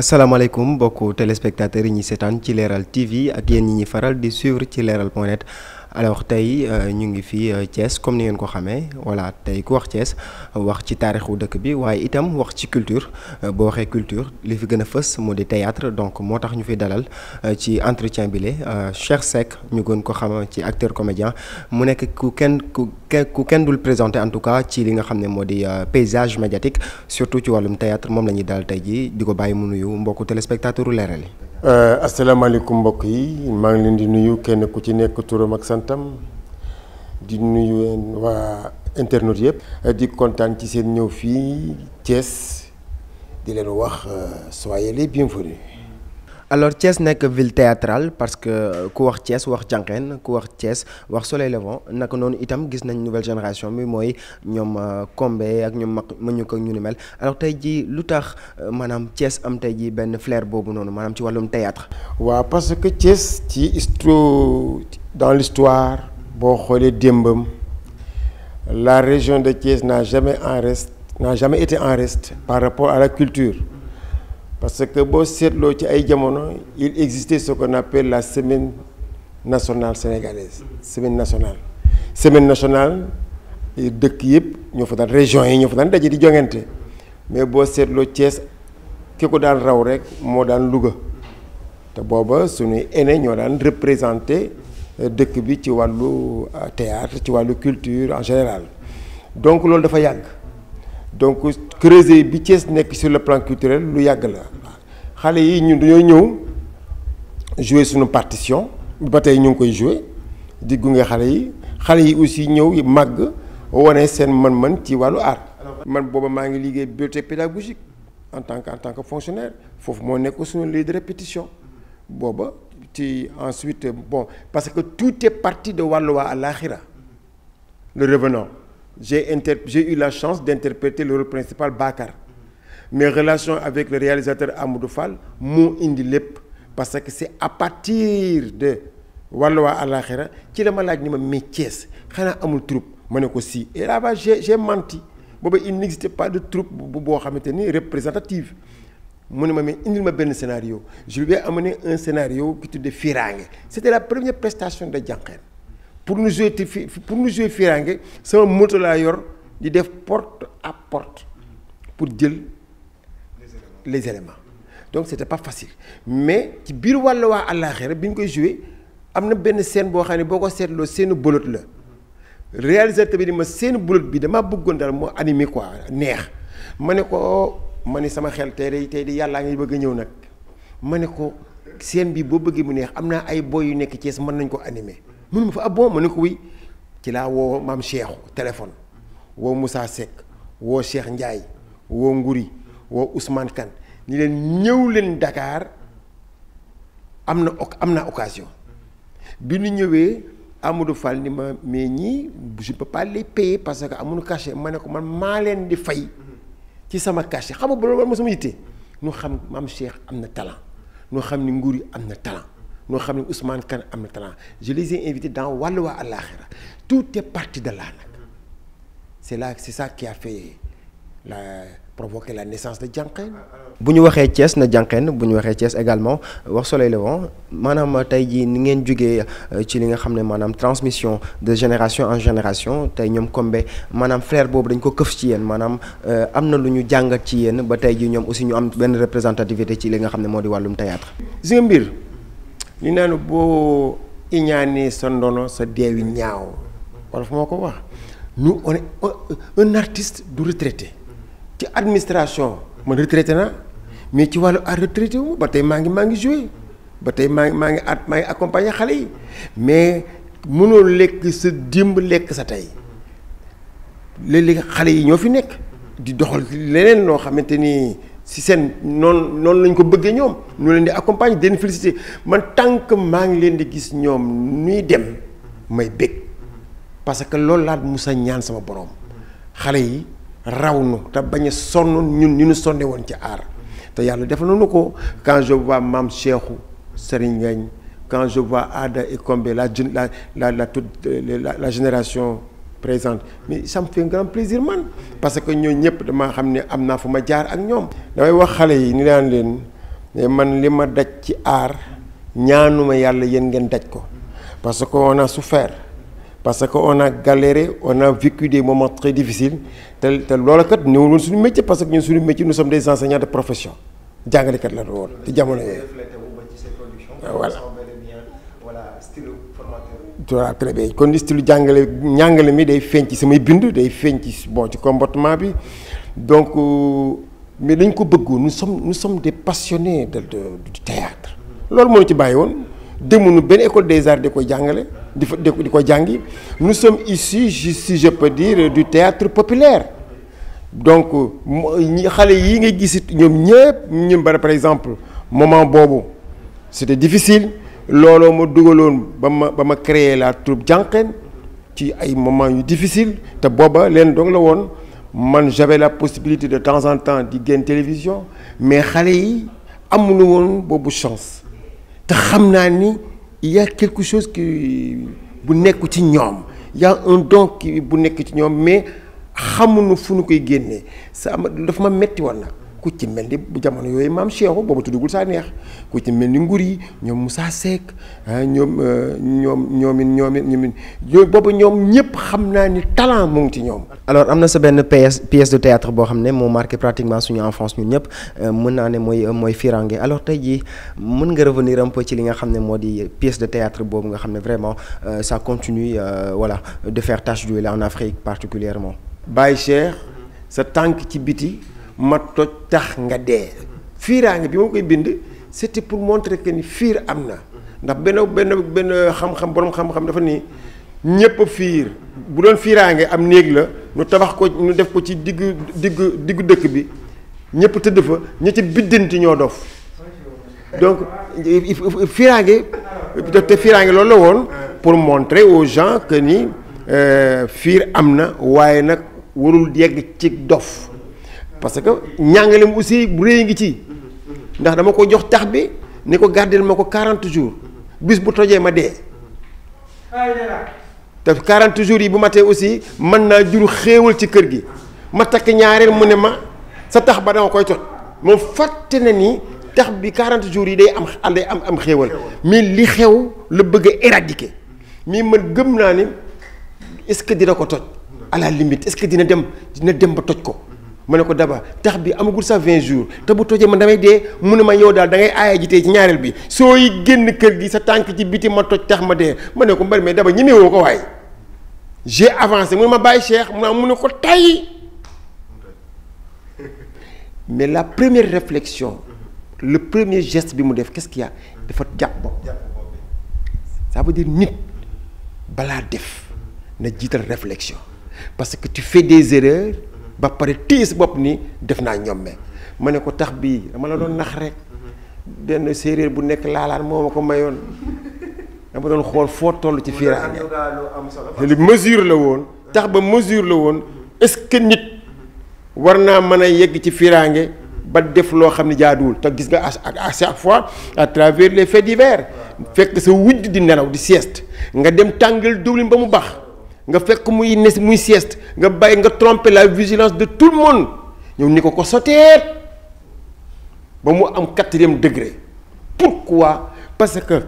asalaamaaleykum mbokku téléspectateurs yi ñuy seetaan ci leeral TV ak yéen ñi ñuy faral di suivre ci leeral point alors tey euh, ñu ngi fii euh, Thiès comme ni ngeen ko xamee voilà tey ku wax Thiès wax ci taarixu dëkk bi waaye itam wax ci culture euh, boo waxee culture li fi gën a fës moo di théâtre donc moo tax ñu fi dalal ci entretien bi le Cheikh Seck ñu gën ko xam ci acteur comédien mu nekk ku kenn ku ku kenn dul présenté en tout cas ci li nga xam ne moo di paysage médiatique surtout ci wàllum théâtre moom la ñuy dalal tey ji di ko bàyyi mu nuyu mbokku téléspectateur u Leral yi Euh, asalaamaaleykum mbokk yi maa ngi leen di nuyu kenn ku ci nekk turam ak santam di nuyu waa internet yëpp. Euh, di kontaan ci seen ñëw fii Thiès di leen wax euh, soyez les bienvenus. alors Thiès nekk ville théâtrale parce que euh, ku wax Thiès wax jànqeen ku wax Thiès wax soleil levant naka noonu itam gis nañ nouvelle génération bi mooy ñoom Combé euh, ak ñoom ma ñu ko ñu mel alors tey jii lu tax euh, maanaam Thiès am tey jii benn flair boobu noonu maanaam ci wàllum théâtre waa parce que Thiès ci histo dans l'histoire boo xoolee démbam la région de Thiès n'a jamais en reste n'a jamais été en reste par rapport à la culture parce que boo seetloo ci ay jamono il existait ce qu'on appelle la semaine nationale sénégalaise semaine nationale semaine nationale dëkk yëpp ñoo fa daan région yi ñoo fa daan daje di joŋante mais boo seetloo Thiès ki ko daan raw rek moo daan Louga te booba suñuy aînés ñoo daan représenté euh, dëkk bi ci wàllu euh, théâtre ci wàllu culture en général donc loolu dafa yàgg donc creuser bi Thiès nekk sur le plan culturel lu yàgg la xale yi ñu dañoo ñëw jouer suñu partition ba tey ñu ngi koy jouer di gunge xale yi xale yi aussi ñëw màgg wane seen man man ci wàllu art man booba maa ngi liggéey bibliothèque pédagogique en tant en tant que fonctionnaire foofu moo nekk suñu lieu de répétition booba ci ensuite bon parce que tout est parti de wàllu waa àllaaxira le revenant j'ai inter... j'ai eu la chance d'interpréter le rôle principal Bakar mes relations avec le réalisateur Amadou Fall moo indi lépp parce que c'est à partir de Walwa Alaxira ci la ma laaj ni ma métiers xanaa amul troupe ma ne ko si et là-bas j'ai j'ai menti booba il n'existait pas de troupe bu boo xamante ni représentative mu ne ma mais indil ma benn scénario je am ai amené un scénario qui tuddee Firange c'était la première prestation de Diankhène pour nu jouer pour nu jouer firange sama moto laa yor di def port à porte pour jël les éléments donc c'était pas facile mais ci biir wàll waa àllaaxira bi ñu koy jouer am na benn scène boo xam ne boo ko seetloo seen bolot la réalisateur bi ni ma seen bolot bi damaa bëggoon daal moo animé quoi neex ma ne ko ma ne sama xel tey de tey de yàllaa ngi bëgg a ñëw nag ma ne ko scène bi boo bëggee mu neex am na ay boy yu nekk Thiès mën nañ ko animé mënuma fa ab ah bon mu ne ko wuy ci laa woo maam Cheikhu téléphone woo Moussa Seck woo Cheikh Ndiaye woo Nguri woo Ousmane Kane ni leen ñëw leen dakaar am na am na occasion bi ñu ñëwee Amadou Fall ni ma mais ñii je ne peux pas parce que amuñu cachet ma ne ko man maa leen di fay ci sama cachet xam nga loolu war ma sama yitte ñu xam maam Cheikh am na talent ñu xam ni Nguri am na talent. noo xam ne Ousmane Kane am na talent je les ai waa àllaaxira tout est parti de là nag c'est là c'est ça qui a fait la provoqué la naissance de Diankhène. bu ñu waxee Thiès na Diankhène bu ñu waxee Thiès également wax Soleil Levant maanaam tey jii ni ngeen jógee euh, ci li nga xam ne maanaam transmission de génération en génération tey ñoom Kombe maanaam frère boobu dañ ko këf ci yéen maanaam euh, am na lu ñu jàngat ci yeen ba tey jii ñoom aussi ñu am benn représentativité ci li nga xam ne moo di wàllum théâtre. gis nga mbir. li naanu boo iñaanee sa ndono sa deewi ñaaw wala moo ko wax ñu un artiste du retraité ci administration man retraité na mais ci wàllu art retraité wu ba tey maa ngi maa ngi joué ba tey maa ngi maa ngi at maa ngi accompagné xale yi mais mënoo lekk sa démb lekk sa tey léeg-léeg xale yi ñoo fi nekk di doxal leneen loo xamante ni si seen noon noonu lañ ko bëggee ñoom ñu leen di accompagner den félicité man tant que maa ngi leen di gis ñoom nuy dem may bëgg parce que loolu laa musa ñaan sama borom xale yi raw nu te bañ sonn ñun ñu nu sonne woon ci aar te yàlla def nañu ko quand je vois maam Cheikhou Serigne Ngagne quand je aada Ada et Combé la la la la toute la, la génération présente mais ça me fait un grand plaisir man parce que ñooñu ñëpp damaa xam ni am naa fu ma jaar ak ñoom. damay wax xale yi ni daan leen man li ma daj ci aar ñaanuma yàlla yéen ngeen daj ko parce que on a souffert parce que on a galéré on a vécu des très difficiles te te loola kat néewul suñu métier parce que ñun suñu métier nous sommes des enseignants de profession jàngalekat la doon te jamono yooyu ah, voilà. tu vois très bien kon style jàngale njàngale mi day feeñ ci samay bind day feeñ ci bon ci comportement bi donc euh, mais dañ ko bëggoon nous sommes nous sommes des passionnés de théâtre loolu moo ci bàyyi woon demu nu benn école des arts di ko jàngale di fa di ko jàngi nous sommes issus si je peux dire du théâtre populaire donc xale yi nga gisit ñoom ñëpp ñun par exemple moment boobu c'était difficile looloo ma dugaloon ba ma ba ma créer la troupe jànqeen ci ay moments yu difficile te booba leen dong la woon man j'avais la possibilité de temps en temps di génn télévision mais xale yi amuñu woon boobu chance te xam naa ni il y a quelque chose qui bu nekk ci ñoom il y a un bu nekk ci ñoom mais xamuñu fu ñu koy génnee sa am dafa ma metti woon nag ku ci mel ni jamono yooyu maam Cheikhou boobu tuddugul saa neex ku mel ni ngur yi ñoom mu Seck ah ñoom euh, ñoom ñoom it ñoom it ñoom boobu ñoom ñëpp xam naa ni talent mu ngi ci ñoom. alors am na sa benn pièce pièce de théâtre boo xam ne moo marqué pratiquement suñu enfance ñun ñëpp euh, mën naa ne mooy mooy Firange alors tey jii mën nga revenir un peu ci li nga xam ne moo di pièce de théâtre boobu nga xam ne vraiment sa euh, continue voilà de faire tache d'huile en Afrique particulièrement Baye Cheikh sa tànk ci biti. ma toj tax nga dee fiiraange bi ma koy bind c'était pour montrer que ni fiir am na ndax benn benn benn xam-xam boroom xam-xam dafa nii ñépp fiir bu doon fiiraange am néeg la ñu tabax ko ñu def ko ci diggu diggu diggu dëkk bi ñépp tëdd fa ña ci biddanti ñoo dof donc fiiraange te fiiraange loolu la woon pour montrer au gens que ni euh, fiir am na waaye nag warul yegg ci dof parce que ñàngaleem aussi bu réy ngi ci ndax dama ko jox tax bi ni ko gardel ma ko quarante jour bis bu tojee ma dee te quarante jours yi bu matee aussi mën naa juru xéewal ci kër gi ma takk ñaareel mu ne ma sa tax ba dama koy toj moom fàtte na ni tax bi quarante jours yi day am day am am xéewal mais li xew la bëgg a éradiquer mais man gëm naa ni est-ce que dina ko toj à la limite est-ce que dina dem dina dem ba toj ko ma ne ko daba tax bi amagul sax vingt jours te bu tojee ma damay dee mu ne ma yow daal da ngay aaya ji ci ñaareel bi soo génn kër gi sa tànk ci biti ma toj tax ma dee ma ne ko mbari mais daba ñemewoo ko waaye j'ai avancé mu ne ma bàyyi Cheikh mu ne mu ne ko tay la première réflexion le premier geste bi mu def qu'est-ce a dafa jàpp bopp ça veut dire nit balaa def na jiital réflexion parce que tu fais des erreurs ba pare tiis bopp ni def naa ñomme ma ne ko tax bii dama la doon nax rek denn séeréer bu nekk laalaan moo ma ko mayoon dama doon xool foo tollu ci fiiraange li mesure la woon tax ba mesure la woon est-ce que nit war naa mën a yegg ci fiiraange ba def loo xam ne jaaduwul te gis nga à chaque fois à travers les faits divers fekk sa wujj di nelaw di sieste nga dem tàngal diwlin ba mu baax nga fekk muy nes muy sieste nga bàyyi nga tromper la vigilance de tout le monde ñëw ni ko ko soteet ba mu am quatrième degré pourquoi parce que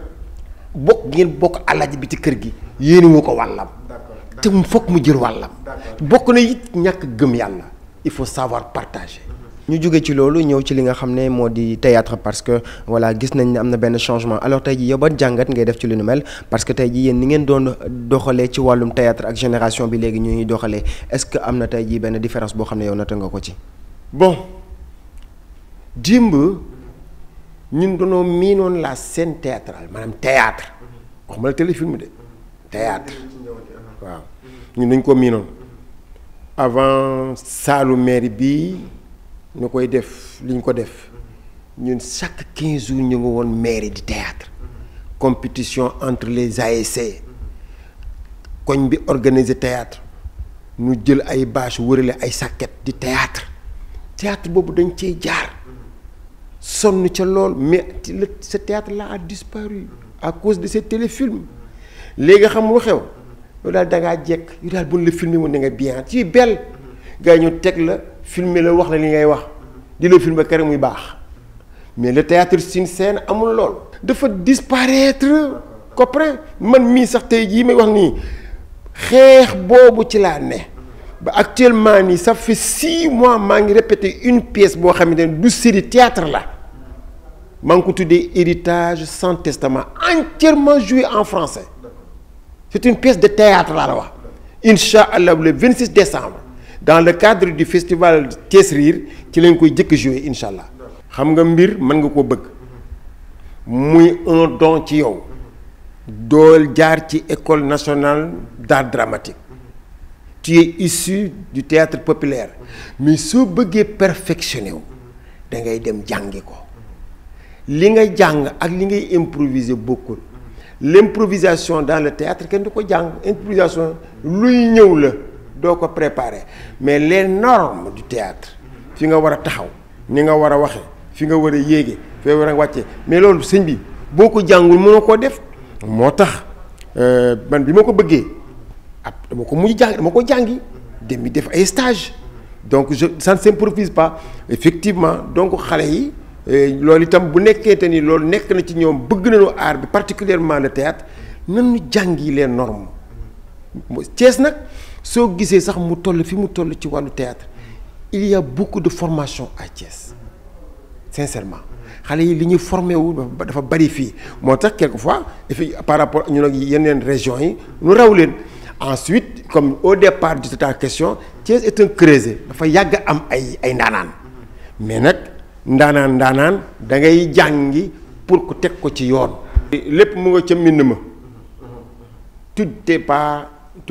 bokk ngeen bokk alaaji bi ci kër gi yéen woo ko wàllam te mu foog mu jël wàllam bokk na it ñàkk gëm yàlla il faut savoir partager ñu jóge ci loolu ñëw ci li nga xam ne moo di théâtre parce que voilà gis nañ ne am na benn changement alors tey ji yow ba jàngat ngay def ci lu nu mel parce que tey ji yéen ni ngeen doon doxalee ci wàllum théâtre ak génération bi léegi ñu ngi doxalee est-ce que am na tey ji benn différence boo xam ne yow nata nga ko ci bon dimb ñun dañoo miinoon la scène théâtrale maanaam théâtre waxuma la téléfilm de théâtre waaw ñun dañ ko miinoon avant bi ñu koy def li ñu ko def ñun chaque quinze jours ñu ngi woon mairie di théâtre compétition entre les ASC koñ bi organiser théâtre ñu jël ay bâche wërale ay sàkket di théâtre théâtre boobu dañ ci jaar sonn ca lool mais ce théâtre la a disparu à cause de ces téléfilms léegi xam lu xew yow daal da jekk yu daal buñ la filmé woon da nga bien ci belle gaa ñu teg la filmer la wax la li ngay wax di la filmer kër muy baax mais le théâtre sin scène amul lool. dafa disparaître. copré man mii sax tey jii may wax nii xeex boobu ci laa ne. ba actuellement nii ça fait six mois maa ngi répété une pièce boo xamante ne du série théâtre la maa ngi ko tuddee héritage sans testament entièrement joué en français c' est une pièce de théâtre laa la wax incha allah le 26 décembre. dans le cadre du festival Thiès Rire ci lañ koy jëkk jouer incha allah xam nga mbir mën nga ko bëgg muy un don ci yow dool jaar ci école nationale d'art dramatique tu es du théâtre populaire mais soo bëggee perfectionné wu da ngay dem jàngi ko li nga jàng ak li ngay improviser bokkul l'improvisation dans le théâtre kenn du ko jàng improvisation luy ñëw la doo ko préparer mais les normes du théâtre fi nga war a taxaw ni nga war a waxe fi nga war a yéege fi war a wàcce mais loolu sëñ bi boo ko jàngul mënoo koo def moo tax euh, man bi ma ko bëggee ab dama ko mujj jàng dama ko jàngi dem bi def ay stage donc je ça ne s'improvise pas effectivement donc xale yi euh, loolu itam bu nekkee te ni loolu nekk na ci ñoom bëgg nañu aar bi particulièrement la théâtre nan ñu jàngi leen normes Thiès nag soo gisee sax mu toll fi mu toll ci wàllu théâtre il y a beaucoup de formation à Thiès sincèrement xale yi li ñuy formé wu dafa bari fii moo tax fois fi par rapport ñun ak yeneen régions yi nu raw leen ensuite comme au départ de ta question Thiès est un creuset dafa yàgg am ay ay ndaanaan mais nag ndaanaan ndaanaan da ngay jàngi pour ko teg ko ci yoon. lépp mu nga ca mbind ma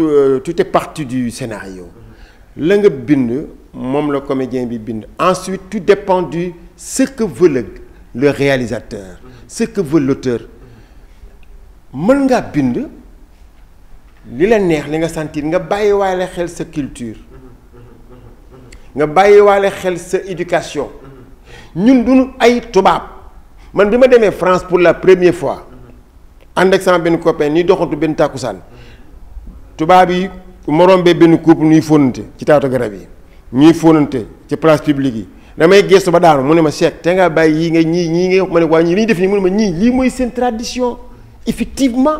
Euh, tout est parti du scénario la nga bind moom la comédien bi bind ensuite tout dépend du ce que veut le réalisateur ce que mën ngaa bind li la neex li nga sentir nga bàyyi waale xel sa culture nga bàyyi waale xel sa éducation ñun duñu ay tubaab man bi ma demee France pour la première fois ànd ak sama benn copain ni doxantu benn tàkkusaan tubaab yi moroom bee benn couple ñuy fóonante ci taatu garab yi ñuy fóonante ci place publique yi damay gestu ba daanu mu ne ma seet te nga bàyyi yi nga ñii ñii nga ma ne waa ñii li ñu def nii mu ne ma ñii lii mooy seen tradition effectivement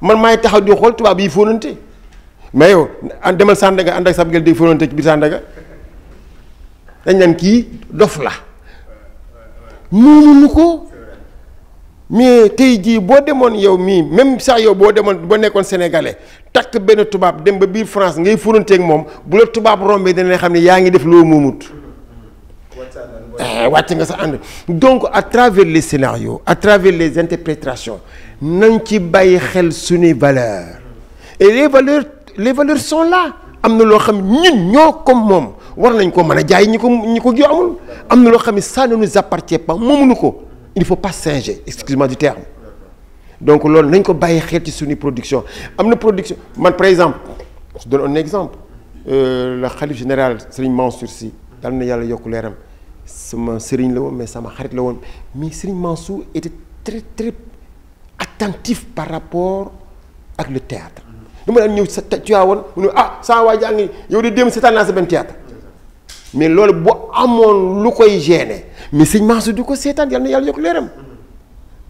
man maay taxaw di xool tubaab yi fonante mais yow demal Sandaga ànd ak sab gel di fóonante ci biir dañ naan kii dof la noonu nu ko mais tey jii boo demoon yow mii même sax yow boo demoon ba nekkoon sénégalais takk benn tubaab dem ba biir France ngay furanteeg moom bu la tubaab rombee danay xam ne yaa ngi def loo moomut. Eh, wàcc nga sa ànd donc a travers les scénarios à travers les interprétations nañ ci bàyyi xel suñuy valeurs et les valeurs les la am na loo xam ñun ñoo comme moom war nañ ko mën a jaay ñi ko ñi ko amul am na loo xam ne ça ne nous appartient pas moomuñu ko. il faut pas singer excuse-moi du terme donc loolu nañ ko bàyyi xel ci suñu production am na production man par exemple je donne un exemple euh, le khalife général Serigne Mansour Sy dal na yàlla yokk leeram sama sëriñ la woon mais sama xarit la woon mais Serigne Mansour était très très attentif par rapport ak le théâtre ma daan ñëw sa Tivaouane mu ne ah saa waa jaa ngi yow de démb seetaan naa sa benn théâtre mais loolu bu amoon lu koy gêner mais sëñ Mansour di ko seetaan yal na yàlla yokk leeram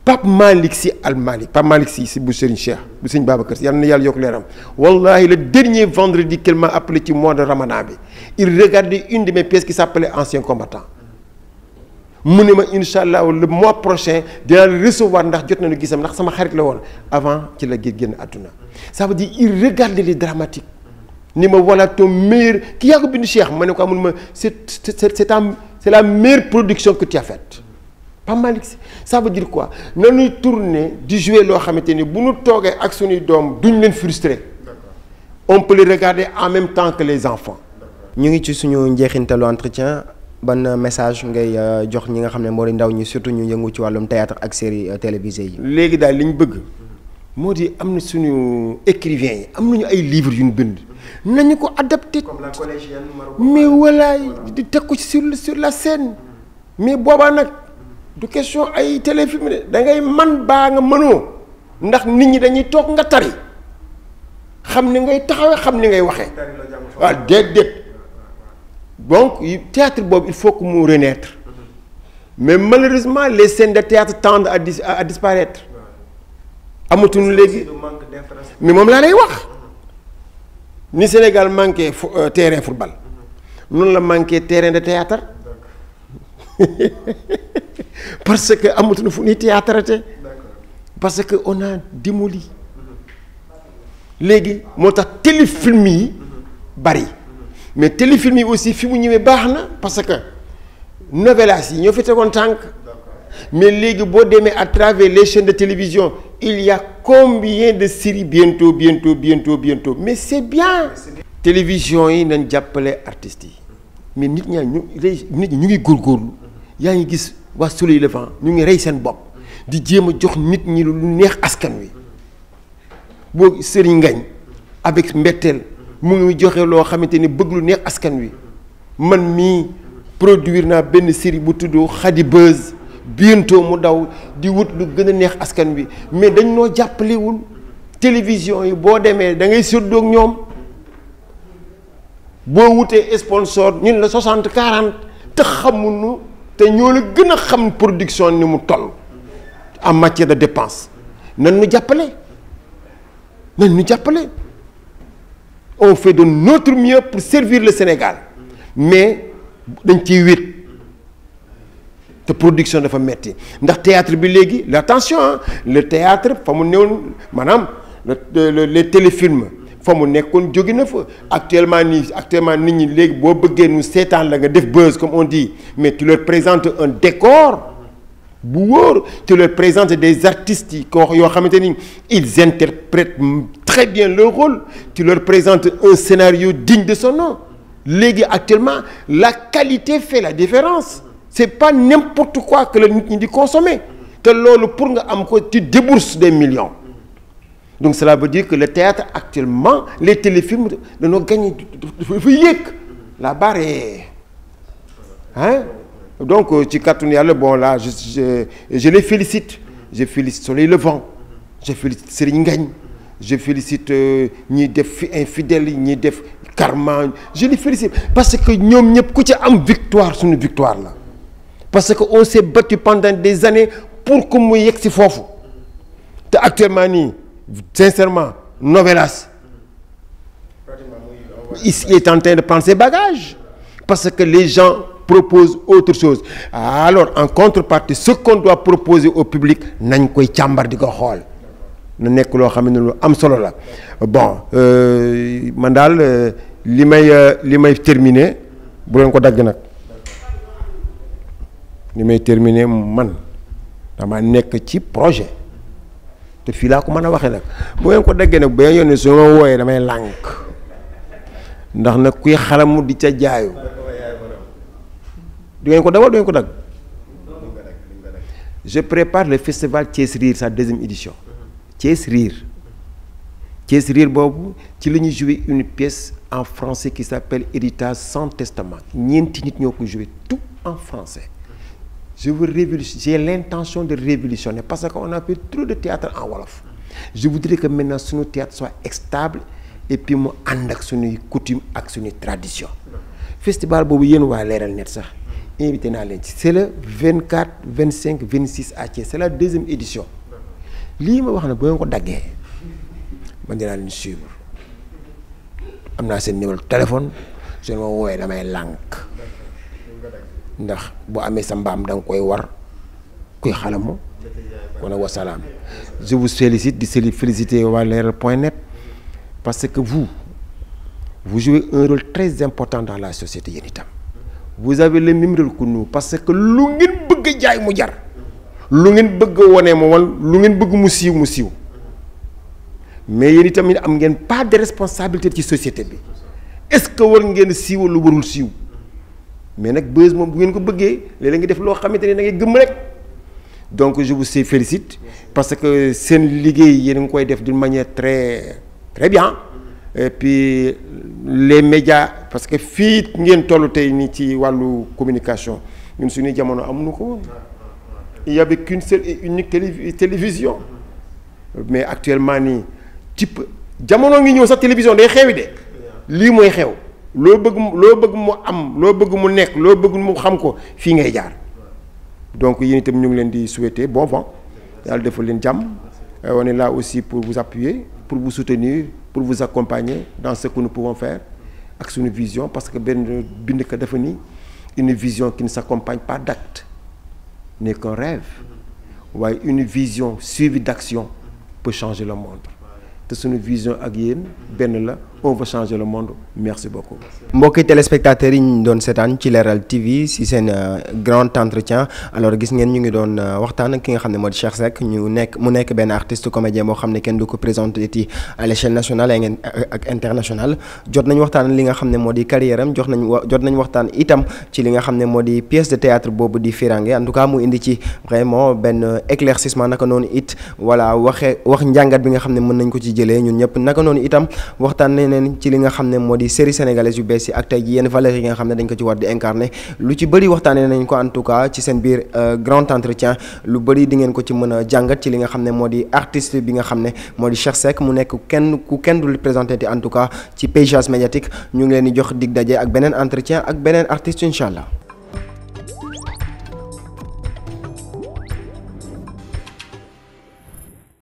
Pape Malick Sy Al Malick Pape Malick si bu Serigne Cheikh bu sëñ Babacar Sy yal na yàlla yokk leeram wallahi le dernier vendredi qu'il m'a ci mois de Ramadan bi il regardait une de mes pièces qui s'appelait ancien combattant mu ne ma incha allah le mois prochain dinaa la recevoir ndax jot nañu gisam ndax sama xarit la woon avant ci la génn àdduna ça veut il regarde les dramatiques ni ma voilà ton ma ne ko amul ma c'est c'est la meilleure production que tu as faite Pape Malick Sy ça veut dire quoi nañuy tourner di jouer loo xamante ni bu ñu toogee ak suñuy doom duñ leen frustré on peut les regarder en même temps que les enfants. ñu ngi ci suñu njeexintalu entretien ban message ngay euh, jox ñi nga xam ne moo di ndaw ñi surtout ñu yëngu ci wàllum théâtre ak série euh, télévisée yi. léegi daal li ñu bëgg moo di am na suñu écrivains yi am nañu ay livres yu bind. nañu ko adapté. comme la collégienne Maroc mais walaay di teg ko sur sur la scène. mais boobaa nag du question ay téléfilm de da ngay man baa nga mënoo ndax nit ñi dañuy toog nga tari xam ni ngay taxawee xam ni ngay waxee. waaw déedéet donc théâtre boobu il faut que mu renaître mais malheureusement les scènes de théâtre tendent à dis à disparaître amatuñu léegi mais moom laa lay wax. ni Sénégal manqué euh, terrain football noonu la manqué terrain de théâtre parce que amatuñu fu ñuy théâtre parce que on a démoli léegi moo tax téléfilm yi bari mais téléfilm yi aussi fi mu ñëwee baax na parce que novelas yi ñoo fi tegoon tànk mais léegi boo demee à travers les chaînes de télévision il y a combien de séries bientôt bientôt biento bientôt mais c'est bien. télévision yi nañ jàppale artistes yi mais nit ñaa ñu nit ñi ñu ngi góor góorgóorlu yaa ngi gis waa Soleil Levant ñu ngi rey seen bopp di jéem a jox nit ñi lu neex askan wi boo Serigne Ngagne avec Mbetteel mu ngi joxe loo xamante ni bëgg lu neex askan wi man mii produire naa benn série bu tudd Khadi Buzz bientôt mu daw di wut lu gën a neex askan wi mais dañ loo jàppalewul télévision yi boo demee da ngay séddoog ñoom boo wutee sponsor ñun la soixante quarante te xamuñu te ñoo la gën a xam production ni mu toll en matière de dépense nan nu jàppale nan nu jàppale on fait de notre mieux pour servir le Sénégal mais dañ ciy wét te production dafa metti ndax théâtre bi léegi la attention ah le théâtre fa mu néewoon maanaam le les téléfilms fa mu nekkoon jóge na fa actuellement nii actuellement nit ñi léegi boo bëggee nu seetaan la nga def buzz comme on dit mais tu leur présentes un décor bu wóor tu leur présentes des artistes yi ko yoo xamante ni ils interprètent très bien leur rôle tu leur présentes un scénario digne de son nom léegi actuellement la qualité fait la différence c'est pas n'importe quoi que la nit ñi di consommer te loolu pour nga am ko ci débourse des millions donc cela veut dire que le théâtre actuellement les téléfilms dañoo gagné dafa yéeg la barre hein donc euh, ci kàttanu yàlla bon là je je, je les félicite je félicite Soleil Levant je félicite Serigne Ngagne je félicite euh, ñiy def infidèles yi ñiy def karma je les félicite parce que ñoom ñëpp ku ci am victoire suñu victoire la parce que on s'est battu pendant des années pour que mu yegg si foofu te actuellement nii sincèrement Novelas il est en train de prendre ses bagages parce que les gens proposent autre chose alors en contrepartie ce qu'on doit proposer au public nañ koy càmbar di ko xool na nekk loo xam ne lu am solo la bon euh, man daal euh, li may euh, li may terminer bu lañ ko dagg nag ni may terminer man dama nekk ci projet te fii laa ko mën a waxee nag bu ngeen ko daggee nag ba yoon ne su ma wooyee damay lànk ndax nag kuy xalamu di ca jaayo du ngeen ko dawal du ngeen ko dagg je prépare le festival Thiès Rire sa deuxième édition Thiès Rire Thiès Rire boobu ci la ñuy jouer une pièce en français qui s'appelle Héritage sans testament ñeenti nit ñoo ko jouer tout en français je veux révolution j'ai l'intention de révolutionner parce qu'on a fait trop de théâtre en wolof je voudrais que na suñu théâtre soit stable et puis mu ànd ak suñuy coutume ak suñuy tradition festival boobu yéen waa leeral net sax invité naa leen ci c'est le cinq 25 26 à ci c'est deuxième édition lii ma wax na ba ko daggee man dinaa leen suivre am naa seen numéro téléphone seen ma woowee damay lank ndax bu amee sa mbaam da koy war kuy xalamu wala wasalaam je vous félicite di seli féliciter waa Leral point net parce que vous vous jouez un rôle très important dans la société yéen itam vous avez le même rôle que nous parce que lu ngeen bëgg jaay mu jar lu ngeen bëgg a wone mu wan lu ngeen bëgg mu siiw mu siiw mais yéen itam am ngeen pas de responsabilité ci société bi est-ce que war ngeen siiw lu warul siiw mais nag buzz moom bu ngeen ko bëggee léeg ngi def loo xamante ne da ngay gëm rek donc je vous félicite parce que seen liggéey yéen a ngi koy def d'une manière très très bien mm-hmm. et puis les médias parce que fii ngeen toll tey nii ci wàllu communication ñun suñuy jamono amuñu ko woon mm-hmm. il y unique télévision mm-hmm. mais actuellement ni type jamono ngi ñëw sax télévision day xewi de lii mooy xew. loo bëgg mu loo bëgg mu am loo bëgg mu nekk loo bëgg mu xam ko fii ngay jaar donc yéen itam ñu ngi leen di souhaiter bon vent yàlla defal leen jàmm euh, on est là aussi pour vous appuyer pour vous soutenir pour vous accompagner dans ce que nous pouvons faire ak suñu vision parce que benn bind ko dafa ni une vision qui ne s'accompagne pas d'acte n'est qu'un rêve waaye une vision suivie d'action peut changer le monde te sunu vision ak yéen benn la on veut changer le monde merci beaucoup. mbokki téléspectateurs yi ñu doon seetaan ci Leral TV si seen euh, grand entretien alors gis ngeen ñu ngi doon euh, waxtaan ak ki nga xam ne moo di Cheikh Seck ñu nekk mu nekk benn artiste comédien boo xam ne kenn du ko présenté ci à l' échelle nationale euh, ak internationale jot nañu waxtaan li nga xam ne moo di carrière am jox nañu jot nañu waxtaan itam ci li nga xam ne moo di pièce de théâtre boobu di Firange en tout cas mu indi ci vraiment benn éclaircissement naka noonu it voilà waxe wax njàngat bi nga xam ne mën nañ ko ci jëlee ñun ñëpp naka noonu leneen ci li nga xam ne moo di série sénégalaise yu bees yi ak tey ji yenn valeurs yi nga xam ne dañ ko ci war di incarner lu ci bëri waxtaanee nañ ko en tout cas ci seen biir euh, grand entretien lu bari di ngeen ko ci mën a jàngat ci li nga xam ne moo di artiste bi nga xam ne moo di Cheikh Seck mu nekk kenn ku kenn dul présenté en tout cas ci paysage médiatique ñu ngi leen di jox dig daje ak beneen entretien ak beneen artiste incha allah